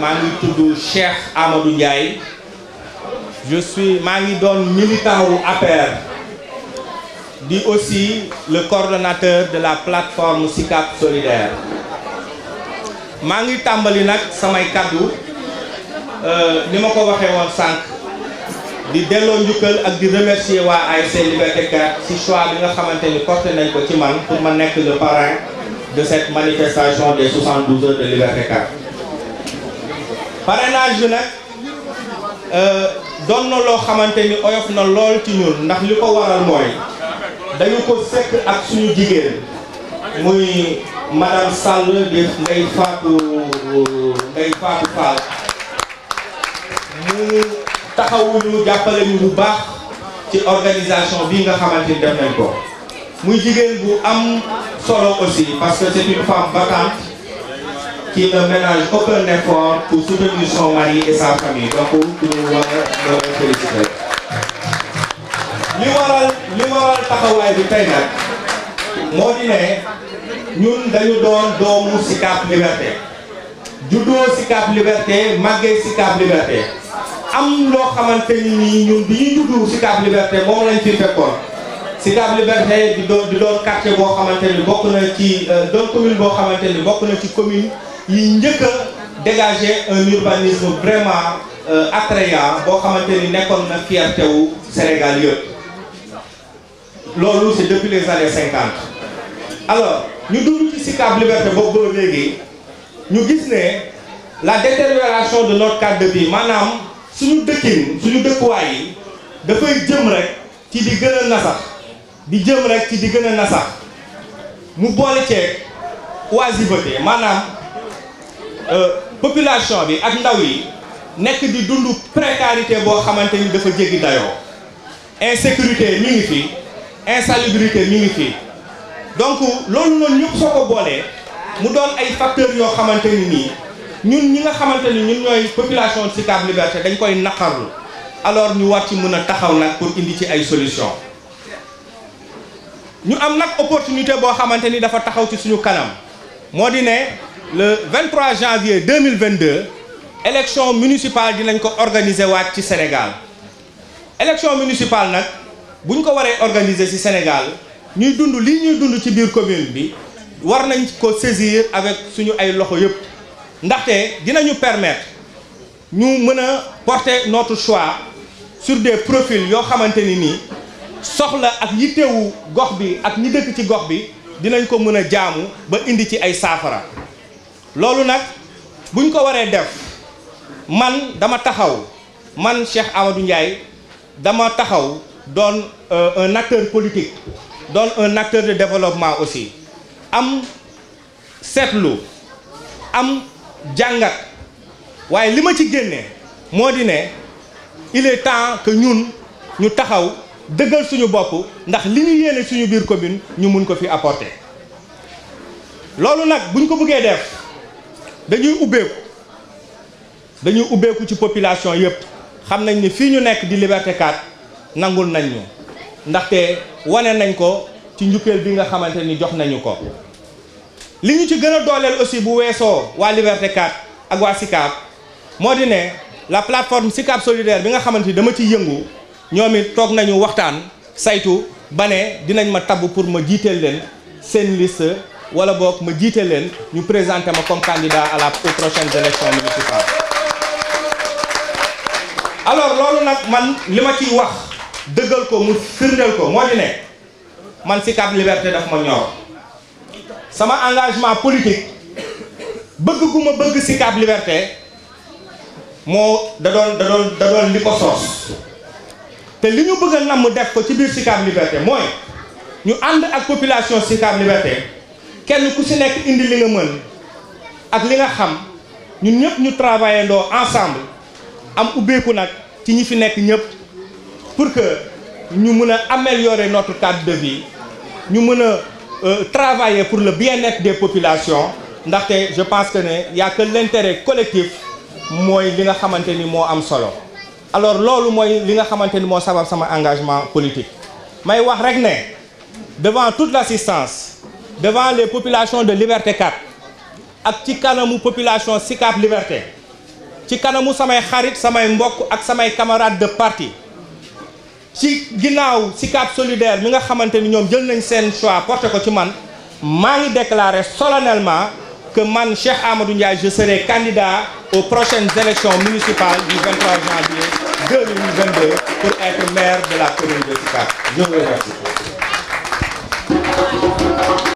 maa ngi tudd Cheikh amadu Ndiaye maa ngi doon militant wu di aussi le coordonnateur de la plateforme SICAP solidaire maa ngi tàmbali nag samay kàddu euh, ni ma ko waxee woon sànq di delloo njukkal ak di remercier waa ASC Liberté 4 ci choix bi nga xamante ni porté nañ ko ci man pour ma nekk le parrain de cette manifestation des 72 heures de Liberté 4 parrainage bi nag euh, doon na loo xamante ni oyof na lool ci ñun ndax li ko waral mooy dañu ko sekk ak suñu jigéen muy madame Sall di Ndeye Fatou Ndeye Fatou Fall mu taxawuñu jàppale ñu bu baax ci organisation bi nga xamante def nañ ko muy jigéen bu am solo aussi parce que c'est une femme battante ci ne ménage aucun effort pour soutenir son mari et sa famille donc ñu war a féliciter li waral li waral taxawaay bi tey moo di ne ñun dañu doon doomu Sicap Liberté juddoo Sicap Liberté màggee Sicap Liberté am loo xamante nii ñun bi ñuy juddu Sicap Liberté moom lañ fi fekkoon Sicap Liberté di doon di boo xamante ni bokk na ci euh, doon commune boo xamante bokk na ci commune yi njëkk a dégager un urbanisme vraiment euh, attrayant boo xamante ni nekkoon na fierté wu Sénégal loolu si depuis les années cinquante alors ñu dund ci Sicap Liberté boobu ba léegi ñu gis ne la détérioration de notre cadre de vie maanaam suñu dëkkin suñu dëkkuwaay yi dafay jëm rek ci di gën a nasax di jëm rek ci di gën a nasax mu boole ceeg oisiveté maanaam Euh, population bi ak ndaw yi nekk di dundu précarité boo xamante ni dafa jéggi dayoo insécurité ñu ngi fi insalubrité ñu ngi fi donc loolu noonu ñëpp soo ko boolee mu doon ay facteurs yoo xamante ni nii ñun ñi nga xamante ni ñun ñooy population Sicap Liberté dañ koy naqarlu alors ñu war ci mën a taxaw nag pour indi ci ay solution ñu am nag opportunité boo xamante ni dafa taxaw ci suñu kanam moo di ne le 23 janvier 2022 élection municipale dinañ ko organiser waat ci Sénégal élection municipale nag bu ñu ko waree organiser ci Sénégal ñuy dund lii ñuy dund ci biir commune bi war nañ ko saisir avec suñu ay loxo yëpp ndaxte dinañu permettre ñu mën a porter notre choix sur des profils yoo xamante ni nii soxla ak yittewu gox bi ak ñi dëkk ci gox bi dinañ ko mën a jaamu ba indi ci ay saafara loolu nag buñ ko waree def man dama taxaw man Cheikh Amadou Ndiaye dama taxaw doon euh, un acteur politique doon un acteur de développement aussi am seetlu am jàngat waaye li ma ci génne moo di ne il est temps que ñun ñu taxaw dëggal suñu bopp ndax li ñu yéene suñu biir commune ñu mun ko fi apporter loolu nag buñ ko buggee def dañuy ubbeeku dañuy ubbeeku ci population yëpp xam nañ ni fii ñu nekk di Liberté nangul nañ ñu ndaxte wane nañ ko ci njukkeel bi nga xamante ni jox nañu ko li ñu ci gën a dooleel aussi bu weesoo waa Liberté 4 ak waa moo di ne la plateforme SICAP solidaire bi nga xamante ni dama ci yëngu ñoom it toog nañu waxtaan saytu bane dinañ ma tabb pour ma jiiteel leen seen liste wala boog ma jiite leen ñu présenté ma comme candidat à la aux prochaines élections municipales alors loolu nag man li ma ci wax dëggal ko mu firndeel ko moo di ne man Sicap Liberté daf ma ñor sama engagement politique bëgg gu ma bëgg Sicap Liberté moo da doon da doon da doon li ko soos te li ñu bëgg namm def ko ci biir Sicap Liberté mooy ñu ànd ak population Sicap Liberté kenn ku si nekk indi li nga mën ak li nga xam ñun ñëpp ñu travailler ndoo ensemble am ubbeeku nag ci ñi fi nekk ñëpp pour que ñu mën a améliorer notre cadre de vie ñu mën a euh, travailler pour le bien-être des populations ndaxte je pense que ne y a que l'intérêt mooy li nga xamante ni moo am solo alors loolu mooy li nga xamante ni moo sabab sama engagement politique may wax rek ne devant toute l'assistance devant les populations de Liberté 4 ak ci kanamu population Sicap Liberté ci kanamu samay xarit samay mbokk ak samay camarades de parti ci ginnaaw Sicap solidaire mi nga xamante ni ñoom jël nañ seen choix porté ko ci man maa ngi déclarer solennellement que man Cheikh Amadou Ndiaye je serai candidat aux prochaines élections municipales du 23 janvier 2022 pour être maire de la commune de Sicap je vous remercie